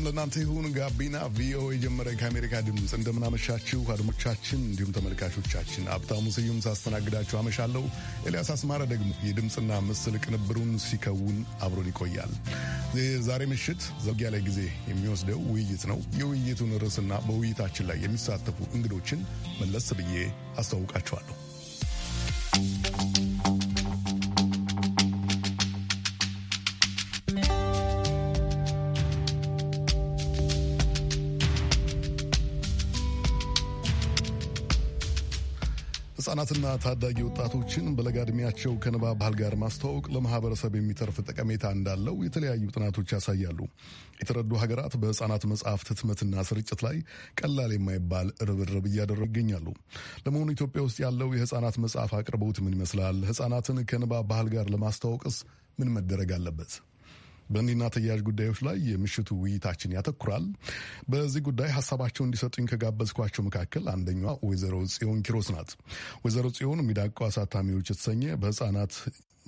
ሰላም ለእናንተ ይሁን። ጋቢና ቪኦኤ ጀመረ። ከአሜሪካ ድምፅ እንደምናመሻችሁ አድማጮቻችን፣ እንዲሁም ተመልካቾቻችን ሀብታሙ ስዩም ሳስተናግዳችሁ አመሻለሁ። ኤልያስ አስማረ ደግሞ የድምፅና ምስል ቅንብሩን ሲከውን አብሮን ይቆያል። ዛሬ ምሽት ዘግ ላይ ጊዜ የሚወስደው ውይይት ነው። የውይይቱን ርዕስና በውይይታችን ላይ የሚሳተፉ እንግዶችን መለስ ብዬ አስተዋውቃችኋለሁ። ህጻናትና ታዳጊ ወጣቶችን በለጋ ዕድሜያቸው ከንባብ ባህል ጋር ማስተዋወቅ ለማህበረሰብ የሚተርፍ ጠቀሜታ እንዳለው የተለያዩ ጥናቶች ያሳያሉ። የተረዱ ሀገራት በሕጻናት መጽሐፍት ህትመትና ስርጭት ላይ ቀላል የማይባል ርብርብ እያደረጉ ይገኛሉ። ለመሆኑ ኢትዮጵያ ውስጥ ያለው የሕጻናት መጽሐፍ አቅርቦት ምን ይመስላል? ሕጻናትን ከንባብ ባህል ጋር ለማስተዋወቅስ ምን መደረግ አለበት? በእንዲና ተያያዥ ጉዳዮች ላይ የምሽቱ ውይይታችን ያተኩራል። በዚህ ጉዳይ ሀሳባቸው እንዲሰጡኝ ከጋበዝኳቸው መካከል አንደኛ ወይዘሮ ጽዮን ኪሮስ ናት። ወይዘሮ ጽዮን ሚዳቋ አሳታሚዎች የተሰኘ በህጻናት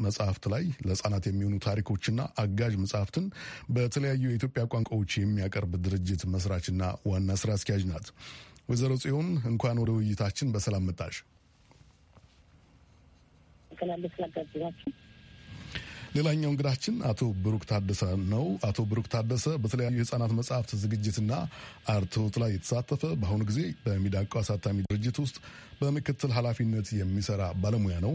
መጽሐፍት ላይ ለህጻናት የሚሆኑ ታሪኮችና አጋዥ መጽሐፍትን በተለያዩ የኢትዮጵያ ቋንቋዎች የሚያቀርብ ድርጅት መስራችና ዋና ስራ አስኪያጅ ናት። ወይዘሮ ጽዮን እንኳን ወደ ውይይታችን በሰላም መጣሽ። ሌላኛው እንግዳችን አቶ ብሩክ ታደሰ ነው። አቶ ብሩክ ታደሰ በተለያዩ የህጻናት መጽሐፍት ዝግጅትና አርትዖት ላይ የተሳተፈ በአሁኑ ጊዜ በሚዳቋ አሳታሚ ድርጅት ውስጥ በምክትል ኃላፊነት የሚሰራ ባለሙያ ነው።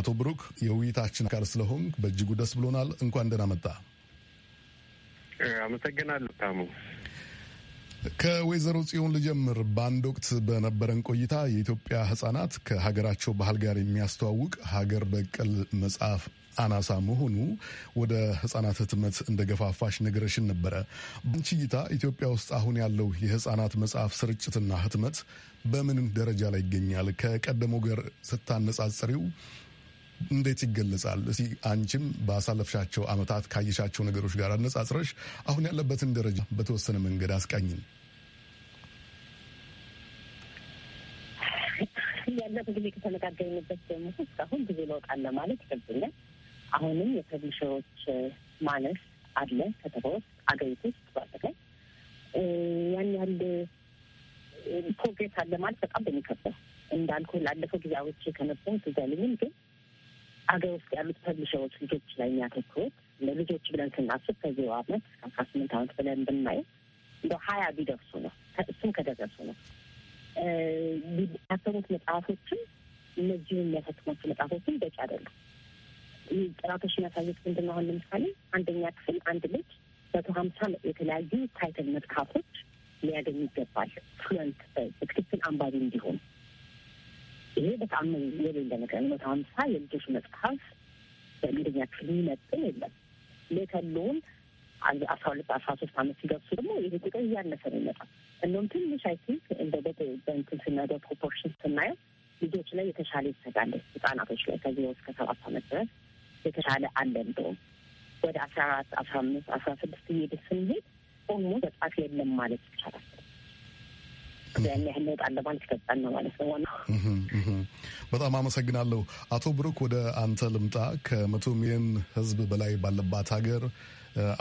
አቶ ብሩክ የውይይታችን አካል ስለሆን በእጅጉ ደስ ብሎናል። እንኳን ደህና መጣ። አመሰግናለሁ ታሙ። ከወይዘሮ ጽዮን ልጀምር። በአንድ ወቅት በነበረን ቆይታ የኢትዮጵያ ህጻናት ከሀገራቸው ባህል ጋር የሚያስተዋውቅ ሀገር በቀል መጽሐፍ አናሳ መሆኑ ወደ ህጻናት ህትመት እንደገፋፋሽ ነገረሽን ነበረ። በአንቺ እይታ ኢትዮጵያ ውስጥ አሁን ያለው የህጻናት መጽሐፍ ስርጭትና ህትመት በምን ደረጃ ላይ ይገኛል? ከቀደመው ጋር ስታነጻጽሪው እንዴት ይገለጻል? እስቲ አንቺም ባሳለፍሻቸው አመታት ካየሻቸው ነገሮች ጋር አነጻጽረሽ አሁን ያለበትን ደረጃ በተወሰነ መንገድ አስቃኝን። ያለፉ ጊዜ ከተነጋገርንበት ጀምሮ እስካሁን ብዙ ለውጥ አለ ማለት ይከብደኛል። አሁንም የፐብሊሸሮች ማነስ አለ ከተማ ውስጥ አገሪቱ ውስጥ በአጠቃላይ ያን ያህል ፕሮግሬስ አለ ማለት በጣም በሚከብደው እንዳልኩ ላለፈው ጊዜ አውርቼ ከነበሩ ትዝ ግን አገር ውስጥ ያሉት ፐብሊሸሮች ልጆች ላይ የሚያተኩሩት ለልጆች ብለን ስናስብ ከዜሮ አመት እስከ አስራ ስምንት አመት ብለን ብናየ እንደ ሀያ ቢደርሱ ነው እሱም ከደረሱ ነው የሚታተሙት መጽሐፎችም እነዚሁ የሚያሳትሟቸው መጽሐፎችም በቂ አይደሉም። ጥናቶች የሚያሳዩት ምንድን ነው? አሁን ለምሳሌ አንደኛ ክፍል አንድ ልጅ መቶ ሀምሳ የተለያዩ ታይትል መጽሐፎች ሊያገኝ ይገባል። ፍሉንት በትክክል አንባቢ እንዲሆን ይሄ በጣም የሌለ ነገር ነው። መቶ ሀምሳ የልጆች መጽሐፍ በአንደኛ ክፍል የሚመጥን የለም። ሌተሉን አስራ ሁለት አስራ ሶስት አመት ሲደርሱ ደግሞ ይህ ቁጥር እያነሰ ነው ይመጣል። እንደውም ትንሽ አይ ቲንክ እንደ በእንትን ስናየው ፕሮፖርሽን ስናየው ልጆች ላይ የተሻለ ይሰጋለ ህጻናቶች ላይ ከዚህ እስከ ሰባት አመት ድረስ የተሻለ አለ። እንደውም ወደ አስራ አራት አስራ አምስት አስራ ስድስት እየሄደ ስንሄድ ሁሉ በጣት የለም ማለት ይቻላል። ያን በጣም አመሰግናለሁ። አቶ ብሩክ ወደ አንተ ልምጣ። ከመቶ ሚሊዮን ሕዝብ በላይ ባለባት ሀገር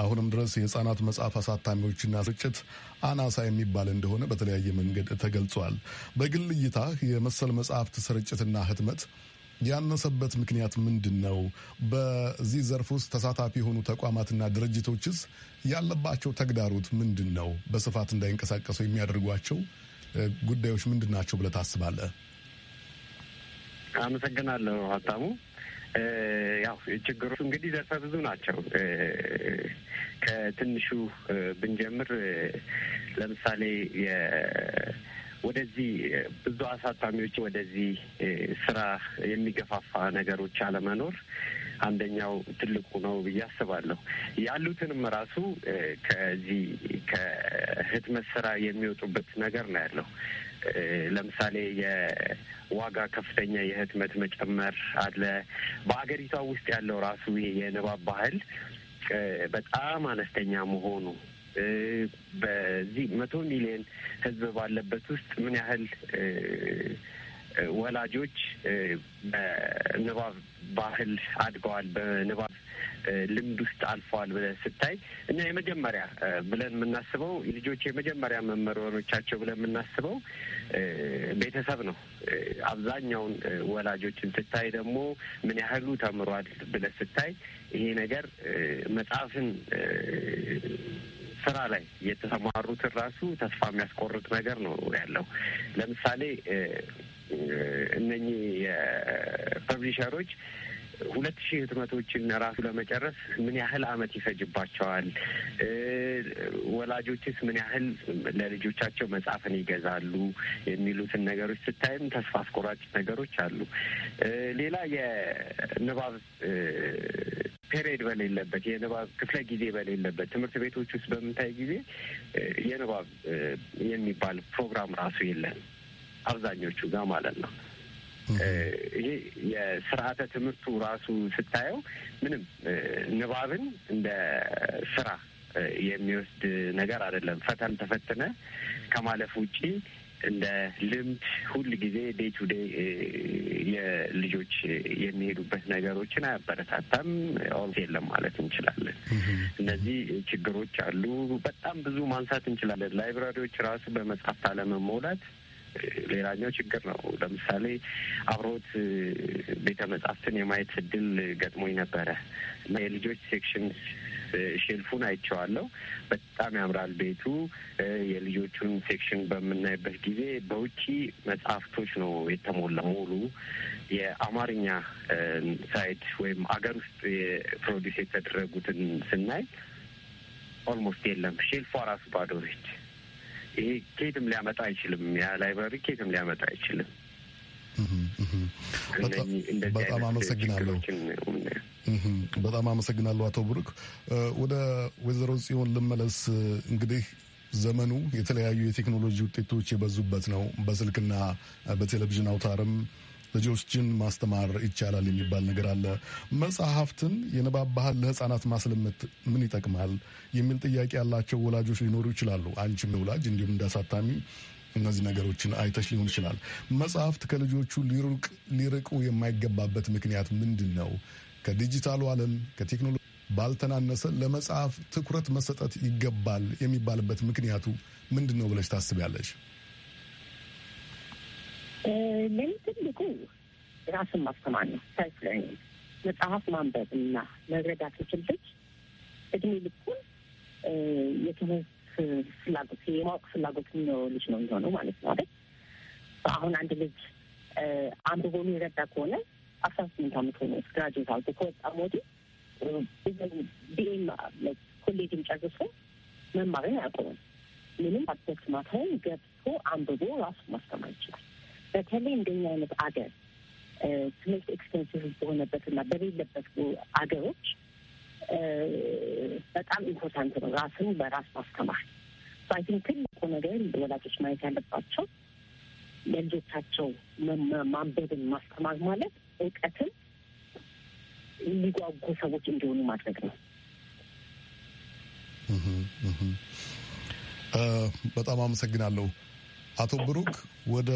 አሁንም ድረስ የህጻናት መጽሐፍ አሳታሚዎችና ስርጭት አናሳ የሚባል እንደሆነ በተለያየ መንገድ ተገልጿል። በግል እይታ የመሰል መጽሐፍት ስርጭትና ህትመት ያነሰበት ምክንያት ምንድን ነው? በዚህ ዘርፍ ውስጥ ተሳታፊ የሆኑ ተቋማትና ድርጅቶችስ ያለባቸው ተግዳሮት ምንድን ነው? በስፋት እንዳይንቀሳቀሱ የሚያደርጓቸው ጉዳዮች ምንድን ናቸው ብለህ ታስባለህ? አመሰግናለሁ ሀብታሙ። ያው ችግሮቹ እንግዲህ ዘርፈ ብዙ ናቸው። ከትንሹ ብንጀምር ለምሳሌ ወደዚህ ብዙ አሳታሚዎች ወደዚህ ስራ የሚገፋፋ ነገሮች አለመኖር አንደኛው ትልቁ ነው ብዬ አስባለሁ። ያሉትንም ራሱ ከዚህ ከህትመት ስራ የሚወጡበት ነገር ነው ያለው። ለምሳሌ የዋጋ ከፍተኛ የህትመት መጨመር አለ። በሀገሪቷ ውስጥ ያለው ራሱ የንባብ ባህል በጣም አነስተኛ መሆኑ በዚህ መቶ ሚሊዮን ህዝብ ባለበት ውስጥ ምን ያህል ወላጆች በንባብ ባህል አድገዋል፣ በንባብ ልምድ ውስጥ አልፈዋል ብለህ ስታይ እና የመጀመሪያ ብለን የምናስበው ልጆች የመጀመሪያ መምህራኖቻቸው ብለን የምናስበው ቤተሰብ ነው። አብዛኛውን ወላጆችን ስታይ ደግሞ ምን ያህሉ ተምሯል ብለህ ስታይ ይሄ ነገር መጽሐፍን ስራ ላይ የተሰማሩትን ራሱ ተስፋ የሚያስቆርጥ ነገር ነው ያለው። ለምሳሌ እነኚህ የፐብሊሸሮች ሁለት ሺህ ህትመቶችን ራሱ ለመጨረስ ምን ያህል አመት ይፈጅባቸዋል? ወላጆችስ ምን ያህል ለልጆቻቸው መጽሐፍን ይገዛሉ? የሚሉትን ነገሮች ስታይም ተስፋ አስቆራጭ ነገሮች አሉ። ሌላ የንባብ ፔሬድ በሌለበት የንባብ ክፍለ ጊዜ በሌለበት ትምህርት ቤቶች ውስጥ በምታይ ጊዜ የንባብ የሚባል ፕሮግራም ራሱ የለም አብዛኞቹ ጋር ማለት ነው። ይሄ የስርዓተ ትምህርቱ ራሱ ስታየው ምንም ንባብን እንደ ስራ የሚወስድ ነገር አይደለም። ፈተን ተፈትነ ከማለፍ ውጪ እንደ ልምድ ሁል ጊዜ ዴይ ቱ ዴይ የልጆች የሚሄዱበት ነገሮችን አያበረታታም። ኦልት የለም ማለት እንችላለን። እነዚህ ችግሮች አሉ። በጣም ብዙ ማንሳት እንችላለን። ላይብራሪዎች ራሱ በመጽሐፍት አለመሞላት ሌላኛው ችግር ነው። ለምሳሌ አብሮት ቤተ መጻሕፍትን የማየት እድል ገጥሞኝ ነበረ እና የልጆች ሴክሽን ሼልፉን አይቼዋለሁ። በጣም ያምራል ቤቱ። የልጆቹን ሴክሽን በምናይበት ጊዜ በውጪ መጽሐፍቶች ነው የተሞላ ሙሉ። የአማርኛ ሳይድ ወይም አገር ውስጥ ፕሮዲስ የተደረጉትን ስናይ ኦልሞስት የለም። ሼልፏ ራሱ ባዶ ነች። ይሄ ኬትም ሊያመጣ አይችልም። ያ ላይብራሪ ኬትም ሊያመጣ አይችልም። በጣም አመሰግናለሁ። በጣም አመሰግናለሁ አቶ ብሩክ። ወደ ወይዘሮ ጽዮን ልመለስ። እንግዲህ ዘመኑ የተለያዩ የቴክኖሎጂ ውጤቶች የበዙበት ነው። በስልክና በቴሌቪዥን አውታርም ልጆችን ማስተማር ይቻላል የሚባል ነገር አለ። መጽሐፍትን፣ የንባብ ባህል ለሕፃናት ማስለመት ምን ይጠቅማል የሚል ጥያቄ ያላቸው ወላጆች ሊኖሩ ይችላሉ። አንቺም ወላጅ እንዲሁም እንዳሳታሚ እነዚህ ነገሮችን አይተሽ ሊሆን ይችላል። መጽሐፍት ከልጆቹ ሊርቁ የማይገባበት ምክንያት ምንድን ነው? ከዲጂታሉ ዓለም ከቴክኖሎጂ ባልተናነሰ ለመጽሐፍ ትኩረት መሰጠት ይገባል የሚባልበት ምክንያቱ ምንድን ነው ብለሽ ታስቢያለሽ? ለእኔ ትልቁ ራስን ማስተማር ነው። ሳይፍ ለርኒንግ መጽሐፍ ማንበብ እና መረዳት ችልች እድሜ ልኩን የትምህርት ፍላጎት የማወቅ ፍላጎት የሚኖረው ልጅ ነው የሚሆነው ማለት ነው አይደል? አሁን አንድ ልጅ አንብቦ የሚረዳ ከሆነ አስራ ስምንት አመት ሆነ ግራጁዌት አልቶ ከወጣ ሞዲ ቢኤም ኮሌጅም ጨርሶ መማርን አያቆምም። ምንም አትክልት ማታዊ ገብቶ አንብቦ ራሱ ማስተማር ይችላል። በተለይ እንደኛ አይነት አገር ትምህርት ኤክስፔንሲቭ በሆነበትና በሌለበት አገሮች በጣም ኢምፖርታንት ነው ራስን በራስ ማስተማር። አይ ቲንክ ትልቁ ነገር ወላጆች ማየት ያለባቸው ለልጆቻቸው ማንበብን ማስተማር ማለት እውቀትን የሚጓጉ ሰዎች እንዲሆኑ ማድረግ ነው። በጣም አመሰግናለሁ አቶ ብሩክ ወደ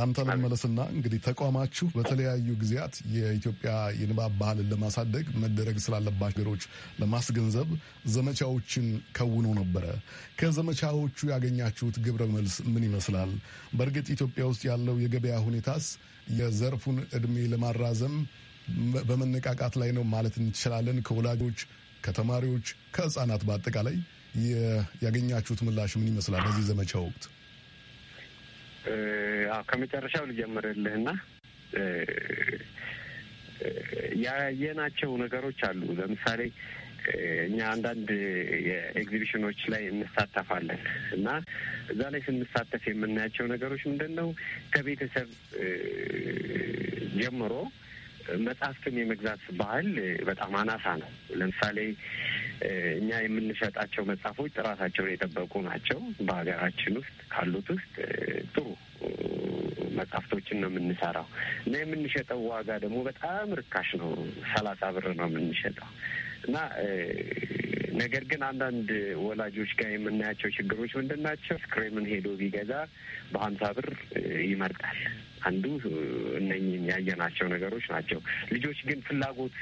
አንተ ለመለስና እንግዲህ ተቋማችሁ በተለያዩ ጊዜያት የኢትዮጵያ የንባብ ባህልን ለማሳደግ መደረግ ስላለባቸው ነገሮች ለማስገንዘብ ዘመቻዎችን ከውኖ ነበረ። ከዘመቻዎቹ ያገኛችሁት ግብረ መልስ ምን ይመስላል? በእርግጥ ኢትዮጵያ ውስጥ ያለው የገበያ ሁኔታስ የዘርፉን እድሜ ለማራዘም በመነቃቃት ላይ ነው ማለት እንችላለን? ከወላጆች፣ ከተማሪዎች፣ ከህፃናት በአጠቃላይ ያገኛችሁት ምላሽ ምን ይመስላል በዚህ ዘመቻ ወቅት? ከመጨረሻው ልጀምርልህ ያየናቸው ነገሮች አሉ። ለምሳሌ እኛ አንዳንድ የኤግዚቢሽኖች ላይ እንሳተፋለን እና እዛ ላይ ስንሳተፍ የምናያቸው ነገሮች ምንድን ነው? ከቤተሰብ ጀምሮ መጽሐፍትን የመግዛት ባህል በጣም አናሳ ነው። ለምሳሌ እኛ የምንሸጣቸው መጽሐፎች ጥራታቸውን የጠበቁ ናቸው። በሀገራችን ውስጥ ካሉት ውስጥ ጥሩ መጽሐፍቶችን ነው የምንሰራው እና የምንሸጠው ዋጋ ደግሞ በጣም ርካሽ ነው። ሰላሳ ብር ነው የምንሸጠው እና ነገር ግን አንዳንድ ወላጆች ጋር የምናያቸው ችግሮች ምንድን ናቸው? ስክሬምን ሄዶ ቢገዛ በሀምሳ ብር ይመርጣል። አንዱ እነኝህን ያየናቸው ነገሮች ናቸው። ልጆች ግን ፍላጎት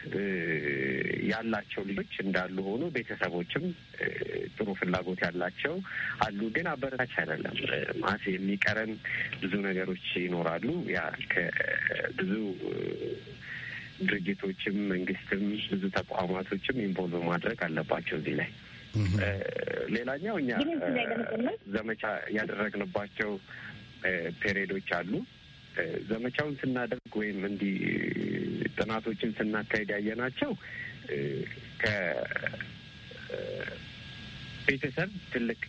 ያላቸው ልጆች እንዳሉ ሆኖ ቤተሰቦችም ጥሩ ፍላጎት ያላቸው አሉ። ግን አበረታች አይደለም። ማስ የሚቀረን ብዙ ነገሮች ይኖራሉ። ያ ከብዙ ድርጅቶችም መንግስትም ብዙ ተቋማቶችም ኢንቮልቭ ማድረግ አለባቸው እዚህ ላይ። ሌላኛው እኛ ዘመቻ ያደረግንባቸው ፔሬዶች አሉ። ዘመቻውን ስናደርግ ወይም እንዲህ ጥናቶችን ስናካሄድ ያየናቸው ቤተሰብ ትልቅ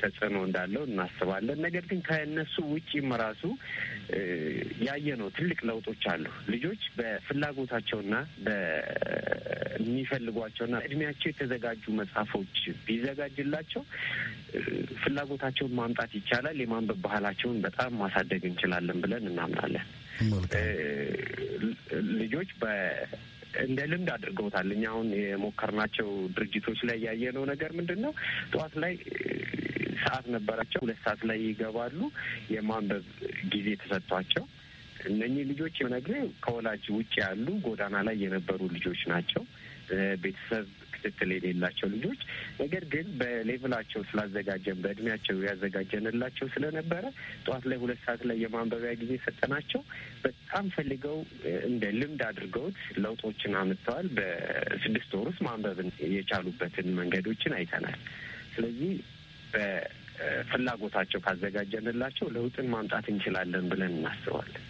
ተጽዕኖ እንዳለው እናስባለን። ነገር ግን ከእነሱ ውጪም ራሱ ያየ ነው ትልቅ ለውጦች አሉ። ልጆች በፍላጎታቸውና በሚፈልጓቸውና እድሜያቸው የተዘጋጁ መጽሐፎች ቢዘጋጅላቸው ፍላጎታቸውን ማምጣት ይቻላል። የማንበብ ባህላቸውን በጣም ማሳደግ እንችላለን ብለን እናምናለን። ልጆች እንደ ልምድ አድርገውታል። እኛ አሁን የሞከርናቸው ድርጅቶች ላይ ያየነው ነገር ምንድን ነው? ጠዋት ላይ ሰዓት ነበራቸው። ሁለት ሰዓት ላይ ይገባሉ። የማንበብ ጊዜ ተሰጥቷቸው እነኚህ ልጆች የምነግርህ ከወላጅ ውጭ ያሉ ጎዳና ላይ የነበሩ ልጆች ናቸው። ቤተሰብ ክትትል የሌላቸው ልጆች ነገር ግን በሌቭላቸው ስላዘጋጀን በእድሜያቸው ያዘጋጀንላቸው ስለነበረ ጠዋት ላይ ሁለት ሰዓት ላይ የማንበቢያ ጊዜ ሰጠናቸው። በጣም ፈልገው እንደ ልምድ አድርገውት ለውጦችን አምጥተዋል። በስድስት ወር ውስጥ ማንበብን የቻሉበትን መንገዶችን አይተናል። ስለዚህ በፍላጎታቸው ካዘጋጀንላቸው ለውጥን ማምጣት እንችላለን ብለን እናስባለን።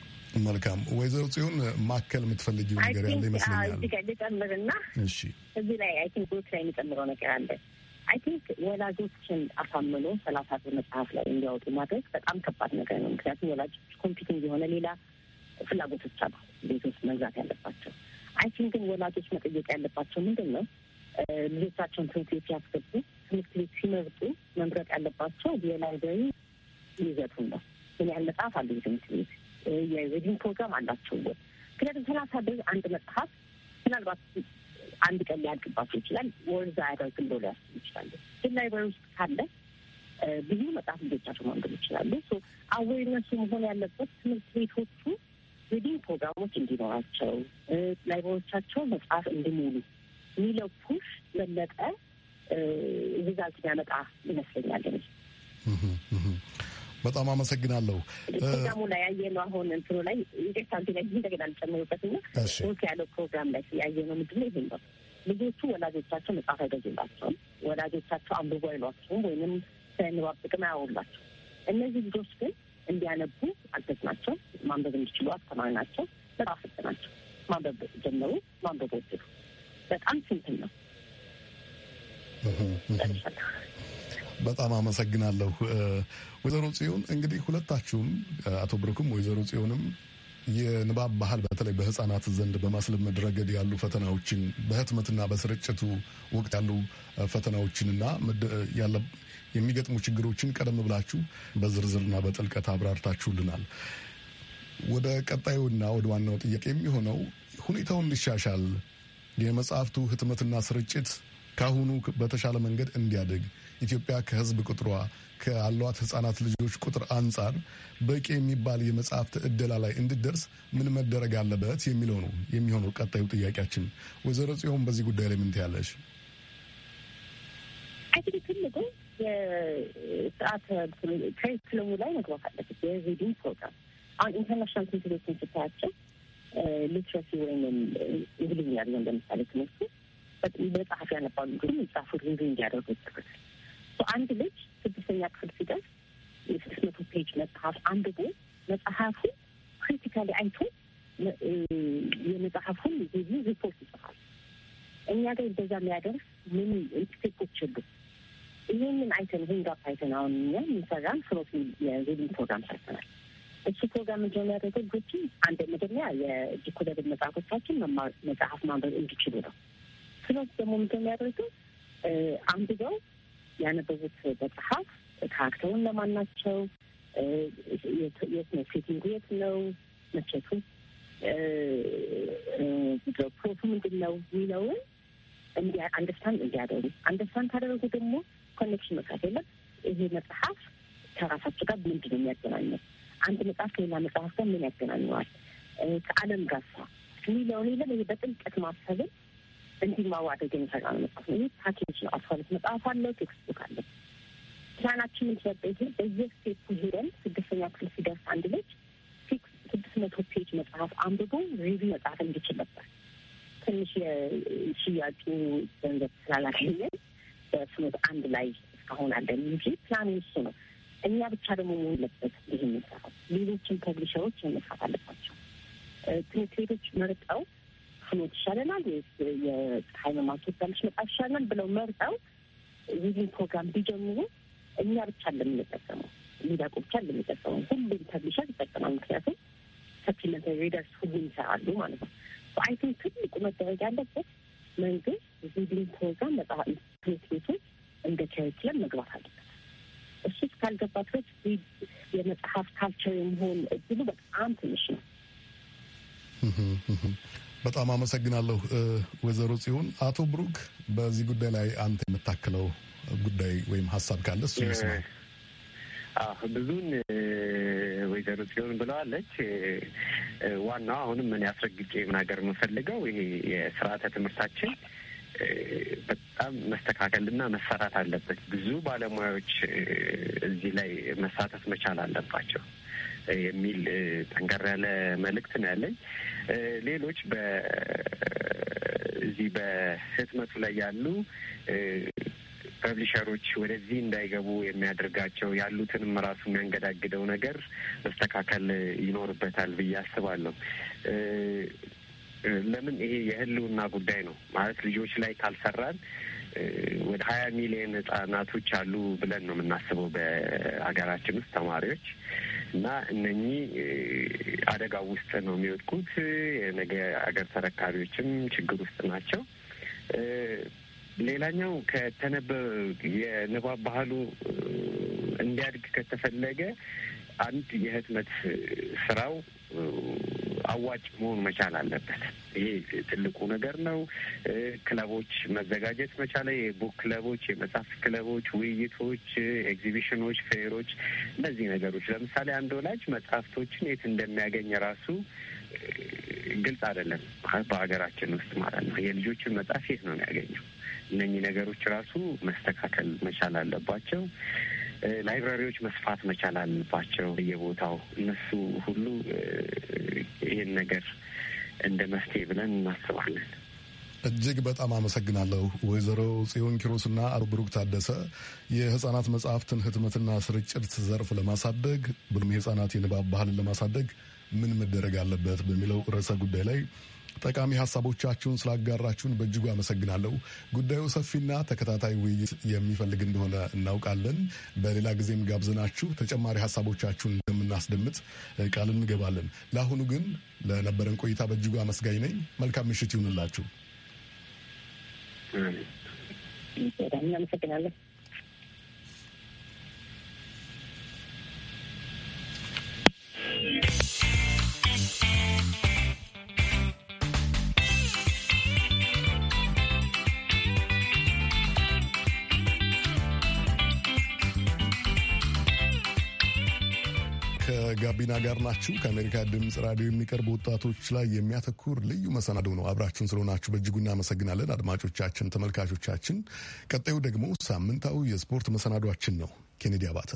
መልካም ወይዘሮ ጽዮን ማከል የምትፈልጊው ነገር ያለ uh, ይመስለኛል። ልጨምርና እዚህ ላይ አይ ቲንክ ዎች ላይ የሚጨምረው ነገር አለ። አይ ቲንክ ወላጆችን አሳምኖ ሰላሳ ብር መጽሐፍ ላይ እንዲያወጡ ማድረግ በጣም ከባድ ነገር ነው። ምክንያቱም ወላጆች ኮምፒቲንግ የሆነ ሌላ ፍላጎቶች አሉ ቤት ውስጥ መግዛት ያለባቸው። አይ ቲንክ ግን ወላጆች መጠየቅ ያለባቸው ምንድን ነው ልጆቻቸውን ትምህርት ቤት ያስገቡ ትምህርት ቤት ሲመርጡ መምረጥ ያለባቸው የላይብረሪ ይዘቱን ነው። ምን ያህል መጽሐፍ አሉ ትምህርት ቤት የሬዲንግ ፕሮግራም አላቸው ወይ? ምክንያቱም ሰላሳ ብር አንድ መጽሐፍ ምናልባት አንድ ቀን ሊያልቅባቸው ይችላል። ወርዛ ያደርግ እንደ ሊያስቡ ይችላሉ። ግን ላይብራሪ ውስጥ ካለ ብዙ መጽሐፍ ልጆቻቸው ማንበብ ይችላሉ። አዌርነሱ መሆን ያለበት ትምህርት ቤቶቹ ሪዲንግ ፕሮግራሞች እንዲኖራቸው ላይብራሪዎቻቸው መጽሐፍ እንዲሞሉ የሚለው ፑሽ መለጠ ሪዛልት ሊያመጣ ይመስለኛል። በጣም አመሰግናለሁ። ፕሮግራሙ ላይ ያየነው አሁን እንትኑ ላይ ኢንጀክት አንቲ ላይ እንደገና ልጨምሩበት እና ሩት ያለው ፕሮግራም ላይ ያየነው ምንድን ነው ይሄ ነው ልጆቹ ወላጆቻቸው መጽሐፍ አይገዙላቸውም። ወላጆቻቸው አንብቦ አይሏቸውም፣ ወይንም ከንባብ ጥቅም አያውላቸው። እነዚህ ልጆች ግን እንዲያነቡ አገዝ ናቸው። ማንበብ እንዲችሉ አስተማሪ አስተማርናቸው፣ መጽሐፍ ናቸው። ማንበብ ጀመሩ፣ ማንበብ ወደዱ። በጣም ስንትን ነው በጣም አመሰግናለሁ ወይዘሮ ጽዮን። እንግዲህ ሁለታችሁም አቶ ብሩክም ወይዘሮ ጽዮንም የንባብ ባህል በተለይ በህጻናት ዘንድ በማስለመድ ረገድ ያሉ ፈተናዎችን በህትመትና በስርጭቱ ወቅት ያሉ ፈተናዎችንና የሚገጥሙ ችግሮችን ቀደም ብላችሁ በዝርዝርና በጥልቀት አብራርታችሁልናል። ወደ ቀጣዩና ወደ ዋናው ጥያቄ የሚሆነው ሁኔታውን ሊሻሻል የመጽሐፍቱ ህትመትና ስርጭት ካሁኑ በተሻለ መንገድ እንዲያድግ ኢትዮጵያ ከህዝብ ቁጥሯ ከአሏት ህጻናት ልጆች ቁጥር አንጻር በቂ የሚባል የመጽሐፍት ዕደላ ላይ እንድደርስ ምን መደረግ አለበት የሚለው ነው የሚሆነው ቀጣዩ ጥያቄያችን። ወይዘሮ ጽሆን በዚህ ጉዳይ ላይ ምን ትያለሽ? አይንክ ትልቁ የስርዓት ትሬት ክለቡ ላይ መግባት አለበት። የሪዲንግ ፕሮግራም አሁን ኢንተርናሽናል ትምህርት ቤቶችን ስታያቸው ሊትረሲ ወይም እንግሊዝኛ ብሎ እንደምሳሌ ትምህርቱ መጽሐፍ ያነባሉ ግን መጽሐፉ ሪቪ እንዲያደርጉ ይጠበቃል። አንድ ልጅ ስድስተኛ ክፍል ሲደርስ የስድስት መቶ ፔጅ መጽሐፍ አንብቦ መጽሐፉ ክሪቲካሊ አይቶ የመጽሐፉን ጊዜ ሪፖርት ይጽፋል። እኛ ጋር እንደዛ የሚያደርስ ምን ስቴፖች የሉ። ይህንን አይተን ይህን ጋፕ አይተን አሁን እኛ የሚሰራን ስሮት የሪዲንግ ፕሮግራም ሰርተናል። እሱ ፕሮግራም እንደ የሚያደርገው ልጆች አንድ መጀመሪያ የእጅ ኮለብል መጽሐፎቻችን መጽሐፍ ማንበብ እንዲችሉ ነው። ስሮት ደግሞ ምንደ የሚያደርገው አንብበው ያነበቡት መጽሐፍ ካራክተሩ እነማን ናቸው፣ የት ነው ሴቲንጉ፣ የት ነው መቼቱ፣ ፕሮቱ ምንድን ነው የሚለውን እንዲያ አንደርስታንድ እንዲያደርጉ አንደርስታንድ ካደረጉ ደግሞ ኮኔክሽን መስራት የለም። ይሄ መጽሐፍ ከራሳቸው ጋር ምንድን ነው የሚያገናኘው? አንድ መጽሐፍ ከሌላ መጽሐፍ ጋር ምን ያገናኘዋል? ከአለም ጋር የሚለውን ይለን ይሄ በጥልቀት ማሰብን እንዲማሩ አድርገን የሰራን መጽሐፍ ነው። ይህ ፓኬጅ ነው። አስራ ሁለት መጽሐፍ አለ፣ ቴክስት ቡክ አለ። ፕላናችንን ስበ ይሄ በየስቴቱ ሄደን ስድስተኛ ክፍል ሲደርስ አንድ ልጅ ስድስት መቶ ፔጅ መጽሐፍ አንብቦ ሪቪው መጽሐፍ እንዲችል ነበር። ትንሽ የሽያጩ ገንዘብ ስላላገኘን በስኖት አንድ ላይ እስካሁን አለን እንጂ ፕላን እሱ ነው። እኛ ብቻ ደግሞ መሆን ይህ የምንሰራው ሌሎችን ፐብሊሸሮች መሳት አለባቸው። ትምህርት ቤቶች መርጠው ፍኖት ይሻለናል ወይስ የሃይማኖት ወዳለች መጽሐፍ ይሻለናል ብለው መርጠው ይህን ፕሮግራም ቢጀምሩ እኛ ብቻ እንደምንጠቀመው ሚዳቁ ብቻ እንደምንጠቀመው ሁሉም ፐብሊሸር ይጠቀማል። ምክንያቱም ሰፕሊመንታሪ ሪደርስ ሁሉ ይሰራሉ ማለት ነው። አይ ቲንክ ትልቁ መደረግ ያለበት መንግስት ዚህን ፕሮግራም መጽሐፍ ትምህርት ቤቶች እንደ ከሪኩለም መግባት አለበት። እሱ እስካልገባ ድረስ የመጽሐፍ ካልቸር የመሆን እድሉ በጣም ትንሽ ነው። በጣም አመሰግናለሁ ወይዘሮ ጽዮን። አቶ ብሩክ በዚህ ጉዳይ ላይ አንተ የምታክለው ጉዳይ ወይም ሀሳብ ካለ እሱ ይመስላል። ብዙን ወይዘሮ ጽዮን ብለዋለች። ዋናው አሁንም ምን አስረግጬ ምናገር የምፈልገው ይሄ የስርዓተ ትምህርታችን በጣም መስተካከልና መሰራት አለበት። ብዙ ባለሙያዎች እዚህ ላይ መሳተፍ መቻል አለባቸው። የሚል ጠንከር ያለ መልእክት ነው ያለኝ። ሌሎች በዚህ በህትመቱ ላይ ያሉ ፐብሊሸሮች ወደዚህ እንዳይገቡ የሚያደርጋቸው ያሉትንም ራሱ የሚያንገዳግደው ነገር መስተካከል ይኖርበታል ብዬ አስባለሁ። ለምን ይሄ የህልውና ጉዳይ ነው ማለት ልጆች ላይ ካልሰራን ወደ ሀያ ሚሊዮን ህጻናቶች አሉ ብለን ነው የምናስበው በሀገራችን ውስጥ ተማሪዎች እና እነኚህ አደጋ ውስጥ ነው የሚወድቁት። የነገ አገር ተረካቢዎችም ችግር ውስጥ ናቸው። ሌላኛው ከተነበ የንባብ ባህሉ እንዲያድግ ከተፈለገ አንድ የህትመት ስራው አዋጭ መሆን መቻል አለበት። ይሄ ትልቁ ነገር ነው። ክለቦች መዘጋጀት መቻለ የቡክ ክለቦች፣ የመጽሐፍ ክለቦች፣ ውይይቶች፣ ኤግዚቢሽኖች፣ ፌሮች፣ እነዚህ ነገሮች ለምሳሌ አንድ ወላጅ መጽሐፍቶችን የት እንደሚያገኝ ራሱ ግልጽ አይደለም በሀገራችን ውስጥ ማለት ነው። የልጆችን መጽሐፍ የት ነው የሚያገኘው? እነኚህ ነገሮች ራሱ መስተካከል መቻል አለባቸው። ላይብራሪዎች መስፋት መቻል አለባቸው በየቦታው እነሱ ሁሉ ይህን ነገር እንደ መፍትሄ ብለን እናስባለን። እጅግ በጣም አመሰግናለሁ ወይዘሮ ጽዮን ኪሮስና አቶ ብሩክ ታደሰ የህጻናት መጽሐፍትን ህትመትና ስርጭት ዘርፍ ለማሳደግ ብሎም የህጻናት የንባብ ባህልን ለማሳደግ ምን መደረግ አለበት በሚለው ርዕሰ ጉዳይ ላይ ጠቃሚ ሀሳቦቻችሁን ስላጋራችሁን በእጅጉ አመሰግናለሁ። ጉዳዩ ሰፊና ተከታታይ ውይይት የሚፈልግ እንደሆነ እናውቃለን። በሌላ ጊዜም ጋብዝናችሁ ተጨማሪ ሀሳቦቻችሁን እንደምናስደምጥ ቃል እንገባለን። ለአሁኑ ግን ለነበረን ቆይታ በእጅጉ አመስጋኝ ነኝ። መልካም ምሽት ይሁንላችሁ። እናመሰግናለን። ጋቢና ጋር ናችሁ። ከአሜሪካ ድምፅ ራዲዮ የሚቀርቡ ወጣቶች ላይ የሚያተኩር ልዩ መሰናዶ ነው። አብራችሁን ስለሆናችሁ በእጅጉ እናመሰግናለን አድማጮቻችን፣ ተመልካቾቻችን። ቀጣዩ ደግሞ ሳምንታዊ የስፖርት መሰናዷችን ነው። ኬኔዲ አባተ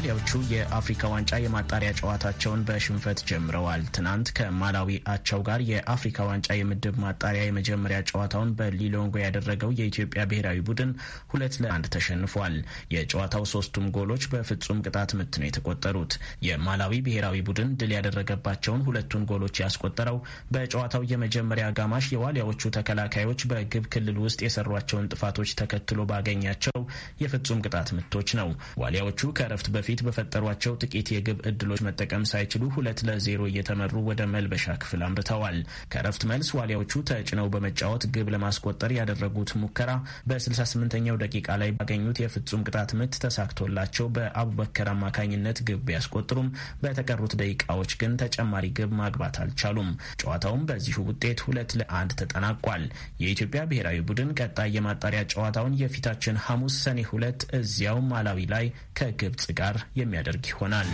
ሶማሊያዎቹ የአፍሪካ ዋንጫ የማጣሪያ ጨዋታቸውን በሽንፈት ጀምረዋል። ትናንት ከማላዊ አቻው ጋር የአፍሪካ ዋንጫ የምድብ ማጣሪያ የመጀመሪያ ጨዋታውን በሊሎንጎ ያደረገው የኢትዮጵያ ብሔራዊ ቡድን ሁለት ለአንድ ተሸንፏል። የጨዋታው ሶስቱም ጎሎች በፍጹም ቅጣት ምት ነው የተቆጠሩት። የማላዊ ብሔራዊ ቡድን ድል ያደረገባቸውን ሁለቱን ጎሎች ያስቆጠረው በጨዋታው የመጀመሪያ አጋማሽ የዋሊያዎቹ ተከላካዮች በግብ ክልል ውስጥ የሰሯቸውን ጥፋቶች ተከትሎ ባገኛቸው የፍጹም ቅጣት ምቶች ነው። ዋሊያዎቹ ከረፍት በፊት በፊት በፈጠሯቸው ጥቂት የግብ እድሎች መጠቀም ሳይችሉ ሁለት ለዜሮ እየተመሩ ወደ መልበሻ ክፍል አምርተዋል። ከረፍት መልስ ዋሊያዎቹ ተጭነው በመጫወት ግብ ለማስቆጠር ያደረጉት ሙከራ በ68ኛው ደቂቃ ላይ ባገኙት የፍጹም ቅጣት ምት ተሳክቶላቸው በአቡበከር አማካኝነት ግብ ቢያስቆጥሩም በተቀሩት ደቂቃዎች ግን ተጨማሪ ግብ ማግባት አልቻሉም። ጨዋታውም በዚሁ ውጤት ሁለት ለአንድ ተጠናቋል። የኢትዮጵያ ብሔራዊ ቡድን ቀጣይ የማጣሪያ ጨዋታውን የፊታችን ሐሙስ ሰኔ ሁለት እዚያው ማላዊ ላይ ከግብጽ ጋር የሚያደርግ ይሆናል።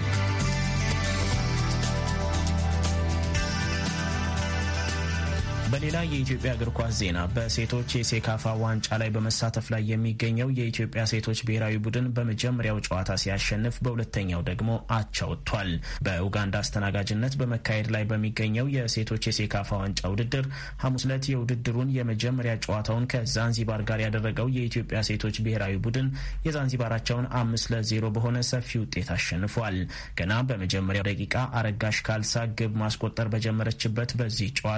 በሌላ የኢትዮጵያ እግር ኳስ ዜና በሴቶች የሴካፋ ዋንጫ ላይ በመሳተፍ ላይ የሚገኘው የኢትዮጵያ ሴቶች ብሔራዊ ቡድን በመጀመሪያው ጨዋታ ሲያሸንፍ፣ በሁለተኛው ደግሞ አቻ ወጥቷል። በኡጋንዳ አስተናጋጅነት በመካሄድ ላይ በሚገኘው የሴቶች የሴካፋ ዋንጫ ውድድር ሐሙስ ዕለት የውድድሩን የመጀመሪያ ጨዋታውን ከዛንዚባር ጋር ያደረገው የኢትዮጵያ ሴቶች ብሔራዊ ቡድን የዛንዚባራቸውን አምስት ለዜሮ በሆነ ሰፊ ውጤት አሸንፏል። ገና በመጀመሪያው ደቂቃ አረጋሽ ካልሳ ግብ ማስቆጠር በጀመረችበት በዚህ ጨዋታ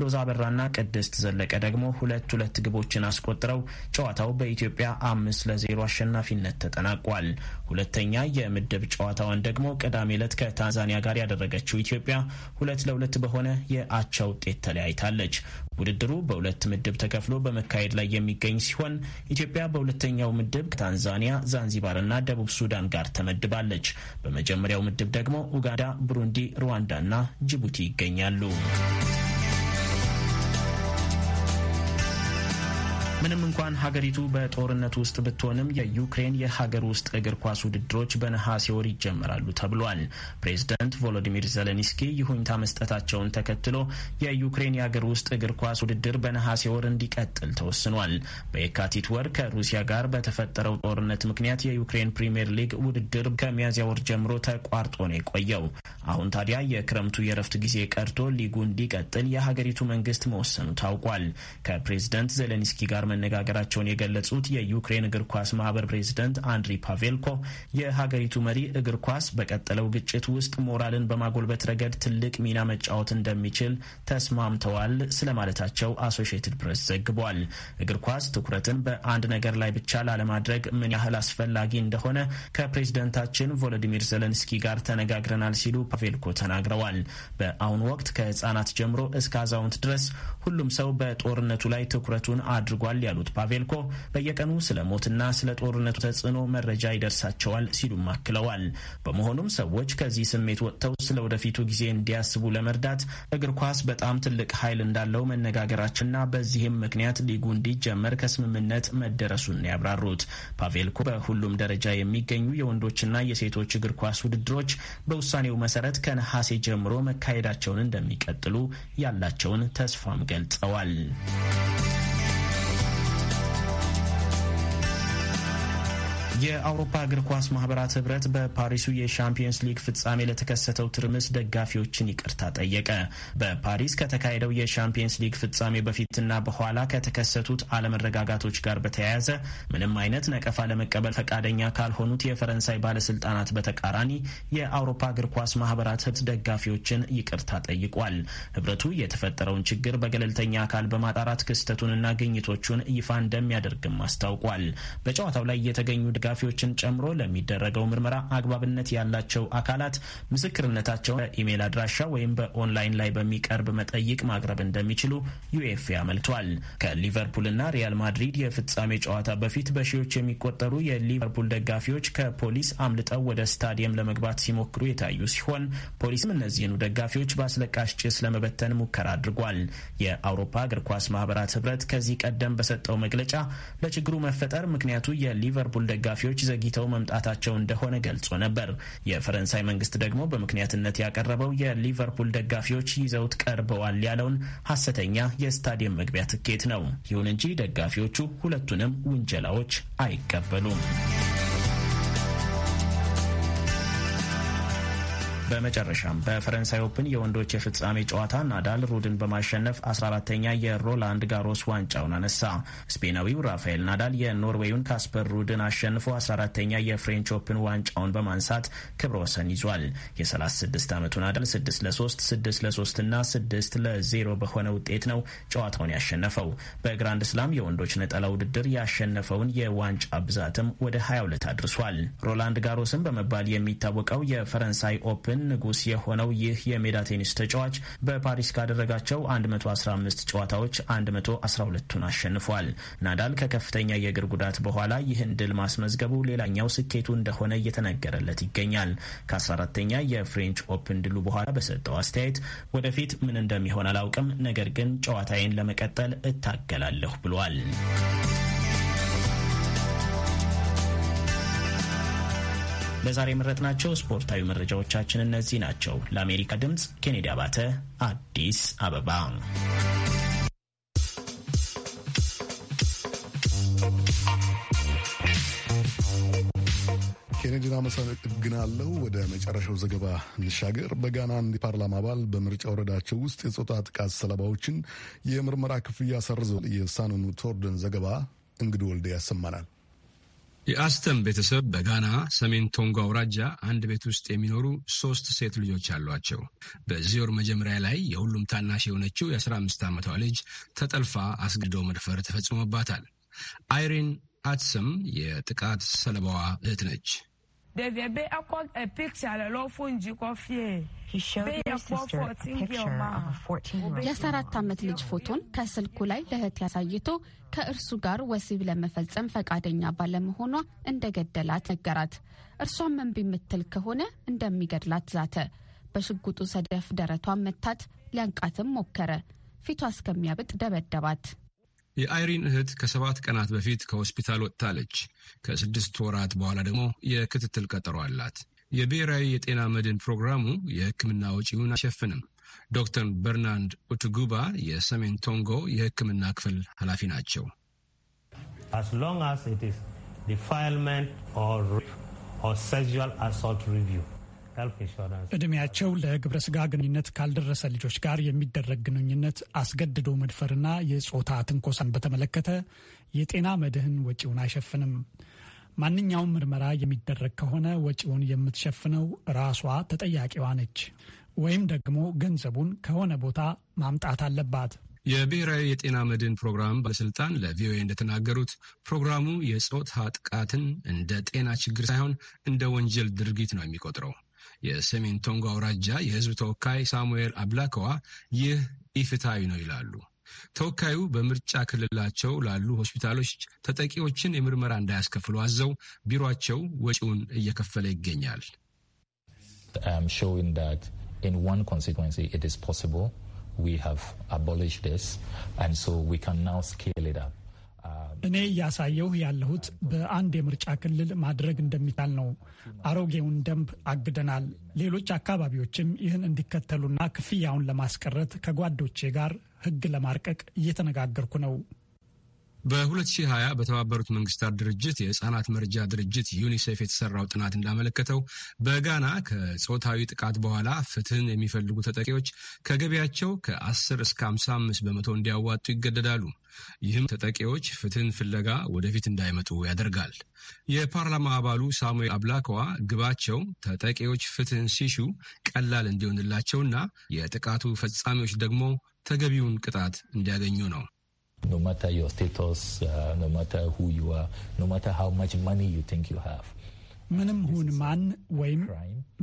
ሎዛ አበራና ቅድስት ዘለቀ ደግሞ ሁለት ሁለት ግቦችን አስቆጥረው ጨዋታው በኢትዮጵያ አምስት ለዜሮ አሸናፊነት ተጠናቋል። ሁለተኛ የምድብ ጨዋታዋን ደግሞ ቅዳሜ ዕለት ከታንዛኒያ ጋር ያደረገችው ኢትዮጵያ ሁለት ለሁለት በሆነ የአቻ ውጤት ተለያይታለች። ውድድሩ በሁለት ምድብ ተከፍሎ በመካሄድ ላይ የሚገኝ ሲሆን ኢትዮጵያ በሁለተኛው ምድብ ከታንዛኒያ፣ ዛንዚባርና ደቡብ ሱዳን ጋር ተመድባለች። በመጀመሪያው ምድብ ደግሞ ኡጋንዳ፣ ብሩንዲ፣ ሩዋንዳና ጅቡቲ ይገኛሉ። ምንም እንኳን ሀገሪቱ በጦርነት ውስጥ ብትሆንም የዩክሬን የሀገር ውስጥ እግር ኳስ ውድድሮች በነሐሴ ወር ይጀመራሉ ተብሏል። ፕሬዝደንት ቮሎዲሚር ዘለንስኪ ይሁኝታ መስጠታቸውን ተከትሎ የዩክሬን የሀገር ውስጥ እግር ኳስ ውድድር በነሐሴ ወር እንዲቀጥል ተወስኗል። በየካቲት ወር ከሩሲያ ጋር በተፈጠረው ጦርነት ምክንያት የዩክሬን ፕሪምየር ሊግ ውድድር ከሚያዝያ ወር ጀምሮ ተቋርጦ ነው የቆየው። አሁን ታዲያ የክረምቱ የረፍት ጊዜ ቀርቶ ሊጉ እንዲቀጥል የሀገሪቱ መንግስት መወሰኑ ታውቋል። ከፕሬዚደንት ዘለንስኪ ጋር መነጋገራቸውን የገለጹት የዩክሬን እግር ኳስ ማህበር ፕሬዚደንት አንድሪ ፓቬልኮ የሀገሪቱ መሪ እግር ኳስ በቀጠለው ግጭት ውስጥ ሞራልን በማጎልበት ረገድ ትልቅ ሚና መጫወት እንደሚችል ተስማምተዋል ስለማለታቸው አሶሺየትድ ፕሬስ ዘግቧል። እግር ኳስ ትኩረትን በአንድ ነገር ላይ ብቻ ላለማድረግ ምን ያህል አስፈላጊ እንደሆነ ከፕሬዝደንታችን ቮሎዲሚር ዘለንስኪ ጋር ተነጋግረናል ሲሉ ፓቬልኮ ተናግረዋል። በአሁኑ ወቅት ከህጻናት ጀምሮ እስከ አዛውንት ድረስ ሁሉም ሰው በጦርነቱ ላይ ትኩረቱን አድርጓል ያሉት ፓቬልኮ በየቀኑ ስለ ሞትና ስለ ጦርነቱ ተጽዕኖ መረጃ ይደርሳቸዋል ሲሉም አክለዋል። በመሆኑም ሰዎች ከዚህ ስሜት ወጥተው ስለ ወደፊቱ ጊዜ እንዲያስቡ ለመርዳት እግር ኳስ በጣም ትልቅ ኃይል እንዳለው መነጋገራችንና በዚህም ምክንያት ሊጉ እንዲጀመር ከስምምነት መደረሱን ያብራሩት ፓቬልኮ በሁሉም ደረጃ የሚገኙ የወንዶችና የሴቶች እግር ኳስ ውድድሮች በውሳኔው መሰረት ከነሐሴ ጀምሮ መካሄዳቸውን እንደሚቀጥሉ ያላቸውን ተስፋም ገልጸዋል። የአውሮፓ እግር ኳስ ማህበራት ህብረት በፓሪሱ የሻምፒየንስ ሊግ ፍጻሜ ለተከሰተው ትርምስ ደጋፊዎችን ይቅርታ ጠየቀ። በፓሪስ ከተካሄደው የሻምፒየንስ ሊግ ፍጻሜ በፊትና በኋላ ከተከሰቱት አለመረጋጋቶች ጋር በተያያዘ ምንም አይነት ነቀፋ ለመቀበል ፈቃደኛ ካልሆኑት የፈረንሳይ ባለስልጣናት በተቃራኒ የአውሮፓ እግር ኳስ ማህበራት ህብረት ደጋፊዎችን ይቅርታ ጠይቋል። ህብረቱ የተፈጠረውን ችግር በገለልተኛ አካል በማጣራት ክስተቱንና ግኝቶቹን ይፋ እንደሚያደርግም አስታውቋል። በጨዋታው ላይ የተገኙ ድጋ ደጋፊዎችን ጨምሮ ለሚደረገው ምርመራ አግባብነት ያላቸው አካላት ምስክርነታቸውን በኢሜይል አድራሻ ወይም በኦንላይን ላይ በሚቀርብ መጠይቅ ማቅረብ እንደሚችሉ ዩኤፍ አመልክቷል። ከሊቨርፑልና ሪያል ማድሪድ የፍጻሜ ጨዋታ በፊት በሺዎች የሚቆጠሩ የሊቨርፑል ደጋፊዎች ከፖሊስ አምልጠው ወደ ስታዲየም ለመግባት ሲሞክሩ የታዩ ሲሆን ፖሊስም እነዚህኑ ደጋፊዎች በአስለቃሽ ጭስ ለመበተን ሙከራ አድርጓል። የአውሮፓ እግር ኳስ ማህበራት ህብረት ከዚህ ቀደም በሰጠው መግለጫ ለችግሩ መፈጠር ምክንያቱ የሊቨርፑል ደጋፊ ኃላፊዎች ዘግይተው መምጣታቸው እንደሆነ ገልጾ ነበር። የፈረንሳይ መንግስት ደግሞ በምክንያትነት ያቀረበው የሊቨርፑል ደጋፊዎች ይዘውት ቀርበዋል ያለውን ሐሰተኛ የስታዲየም መግቢያ ትኬት ነው። ይሁን እንጂ ደጋፊዎቹ ሁለቱንም ውንጀላዎች አይቀበሉም። በመጨረሻም በፈረንሳይ ኦፕን የወንዶች የፍጻሜ ጨዋታ ናዳል ሩድን በማሸነፍ 14ተኛ የሮላንድ ጋሮስ ዋንጫውን አነሳ። ስፔናዊው ራፋኤል ናዳል የኖርዌዩን ካስፐር ሩድን አሸንፎ 14ተኛ የፍሬንች ኦፕን ዋንጫውን በማንሳት ክብረ ወሰን ይዟል። የ36 ዓመቱ ናዳል 6 ለ3፣ 6 ለ3 እና 6 ለ0 በሆነ ውጤት ነው ጨዋታውን ያሸነፈው። በግራንድ ስላም የወንዶች ነጠላ ውድድር ያሸነፈውን የዋንጫ ብዛትም ወደ 22 አድርሷል። ሮላንድ ጋሮስን በመባል የሚታወቀው የፈረንሳይ ኦፕን የዓለም ንጉስ የሆነው ይህ የሜዳ ቴኒስ ተጫዋች በፓሪስ ካደረጋቸው 115 ጨዋታዎች 112ቱን አሸንፏል። ናዳል ከከፍተኛ የእግር ጉዳት በኋላ ይህን ድል ማስመዝገቡ ሌላኛው ስኬቱ እንደሆነ እየተነገረለት ይገኛል። ከ14ተኛ የፍሬንች ኦፕን ድሉ በኋላ በሰጠው አስተያየት ወደፊት ምን እንደሚሆን አላውቅም፣ ነገር ግን ጨዋታዬን ለመቀጠል እታገላለሁ ብሏል። ለዛሬ የመረጥናቸው ስፖርታዊ መረጃዎቻችን እነዚህ ናቸው። ለአሜሪካ ድምፅ ኬኔዲ አባተ አዲስ አበባ። ኬኔዲን አመሰግናለሁ። ወደ መጨረሻው ዘገባ እንሻገር። በጋና አንድ የፓርላማ አባል በምርጫ ወረዳቸው ውስጥ የጾታ ጥቃት ሰለባዎችን የምርመራ ክፍያ ሰርዘዋል። የሳኑኑ ቶርደን ዘገባ እንግዲህ ወልደ ያሰማናል። የአስተም ቤተሰብ በጋና ሰሜን ቶንጎ አውራጃ አንድ ቤት ውስጥ የሚኖሩ ሶስት ሴት ልጆች አሏቸው። በዚህ ወር መጀመሪያ ላይ የሁሉም ታናሽ የሆነችው የአስራ አምስት ዓመቷ ልጅ ተጠልፋ አስገድዶ መድፈር ተፈጽሞባታል። አይሪን አትሰም የጥቃት ሰለባዋ እህት ነች። Devia be akọ a picture a lọ fún njikọ fie. የአስራአራት ዓመት ልጅ ፎቶን ከስልኩ ላይ ለእህት ያሳይቶ ከእርሱ ጋር ወሲብ ለመፈጸም ፈቃደኛ ባለመሆኗ እንደገደላት ነገራት። እርሷም መንብ የምትል ከሆነ እንደሚገድላት ዛተ። በሽጉጡ ሰደፍ ደረቷን መታት። ሊያንቃትም ሞከረ። ፊቷ እስከሚያብጥ ደበደባት። የአይሪን እህት ከሰባት ቀናት በፊት ከሆስፒታል ወጥታለች። ከስድስት ወራት በኋላ ደግሞ የክትትል ቀጠሮ አላት። የብሔራዊ የጤና መድን ፕሮግራሙ የሕክምና ወጪውን አይሸፍንም። ዶክተር በርናንድ ኡትጉባ የሰሜን ቶንጎ የሕክምና ክፍል ኃላፊ ናቸው። as long as it is እድሜያቸው ለግብረ ስጋ ግንኙነት ካልደረሰ ልጆች ጋር የሚደረግ ግንኙነት አስገድዶ መድፈርና የጾታ ትንኮሳን በተመለከተ የጤና መድህን ወጪውን አይሸፍንም። ማንኛውም ምርመራ የሚደረግ ከሆነ ወጪውን የምትሸፍነው ራሷ ተጠያቂዋ ነች፣ ወይም ደግሞ ገንዘቡን ከሆነ ቦታ ማምጣት አለባት። የብሔራዊ የጤና መድን ፕሮግራም ባለስልጣን ለቪኦኤ እንደተናገሩት ፕሮግራሙ የጾታ ጥቃትን እንደ ጤና ችግር ሳይሆን እንደ ወንጀል ድርጊት ነው የሚቆጥረው። የሰሜን ቶንጎ አውራጃ የህዝብ ተወካይ ሳሙኤል አብላከዋ ይህ ኢፍትሐዊ ነው ይላሉ። ተወካዩ በምርጫ ክልላቸው ላሉ ሆስፒታሎች ተጠቂዎችን የምርመራ እንዳያስከፍሉ አዘው ቢሮቸው ወጪውን እየከፈለ ይገኛል። እኔ እያሳየሁ ያለሁት በአንድ የምርጫ ክልል ማድረግ እንደሚቻል ነው። አሮጌውን ደንብ አግደናል። ሌሎች አካባቢዎችም ይህን እንዲከተሉና ክፍያውን ለማስቀረት ከጓዶቼ ጋር ሕግ ለማርቀቅ እየተነጋገርኩ ነው። በ2020 በተባበሩት መንግስታት ድርጅት የህፃናት መርጃ ድርጅት ዩኒሴፍ የተሰራው ጥናት እንዳመለከተው በጋና ከጾታዊ ጥቃት በኋላ ፍትህን የሚፈልጉ ተጠቂዎች ከገቢያቸው ከ10 እስከ 55 በመቶ እንዲያዋጡ ይገደዳሉ። ይህም ተጠቂዎች ፍትህን ፍለጋ ወደፊት እንዳይመጡ ያደርጋል። የፓርላማ አባሉ ሳሙኤል አብላከዋ ግባቸው ተጠቂዎች ፍትህን ሲሹ ቀላል እንዲሆንላቸውና የጥቃቱ ፈጻሚዎች ደግሞ ተገቢውን ቅጣት እንዲያገኙ ነው። no matter your status, uh, no matter who you are, no matter how much money you think you have. ምንም ሁን ማን ወይም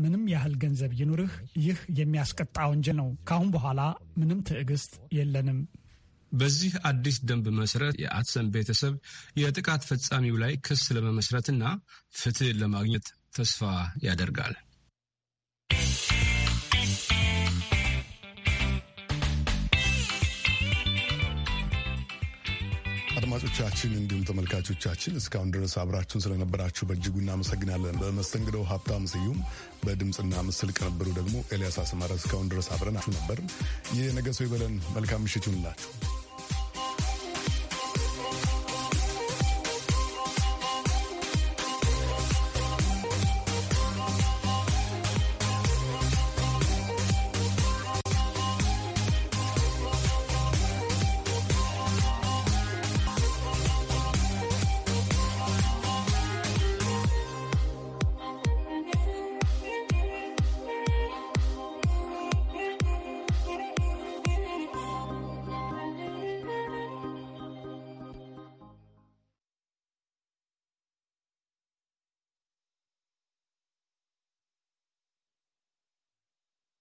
ምንም ያህል ገንዘብ ይኑርህ ይህ የሚያስቀጣ ወንጀል ነው። ካሁን በኋላ ምንም ትዕግስት የለንም። በዚህ አዲስ ደንብ መሰረት የአትሰን ቤተሰብ የጥቃት ፈጻሚው ላይ ክስ ለመመስረትና ፍትህ ለማግኘት ተስፋ ያደርጋል። አድማጮቻችን እንዲሁም ተመልካቾቻችን እስካሁን ድረስ አብራችሁን ስለነበራችሁ በእጅጉ እናመሰግናለን። በመስተንግደው ሀብታም ስዩም፣ በድምፅና ምስል ቅንብሩ ደግሞ ኤልያስ አስማረ። እስካሁን ድረስ አብረናችሁ ነበር። ነገ ሰው ይበለን። መልካም ምሽት ይሁንላችሁ።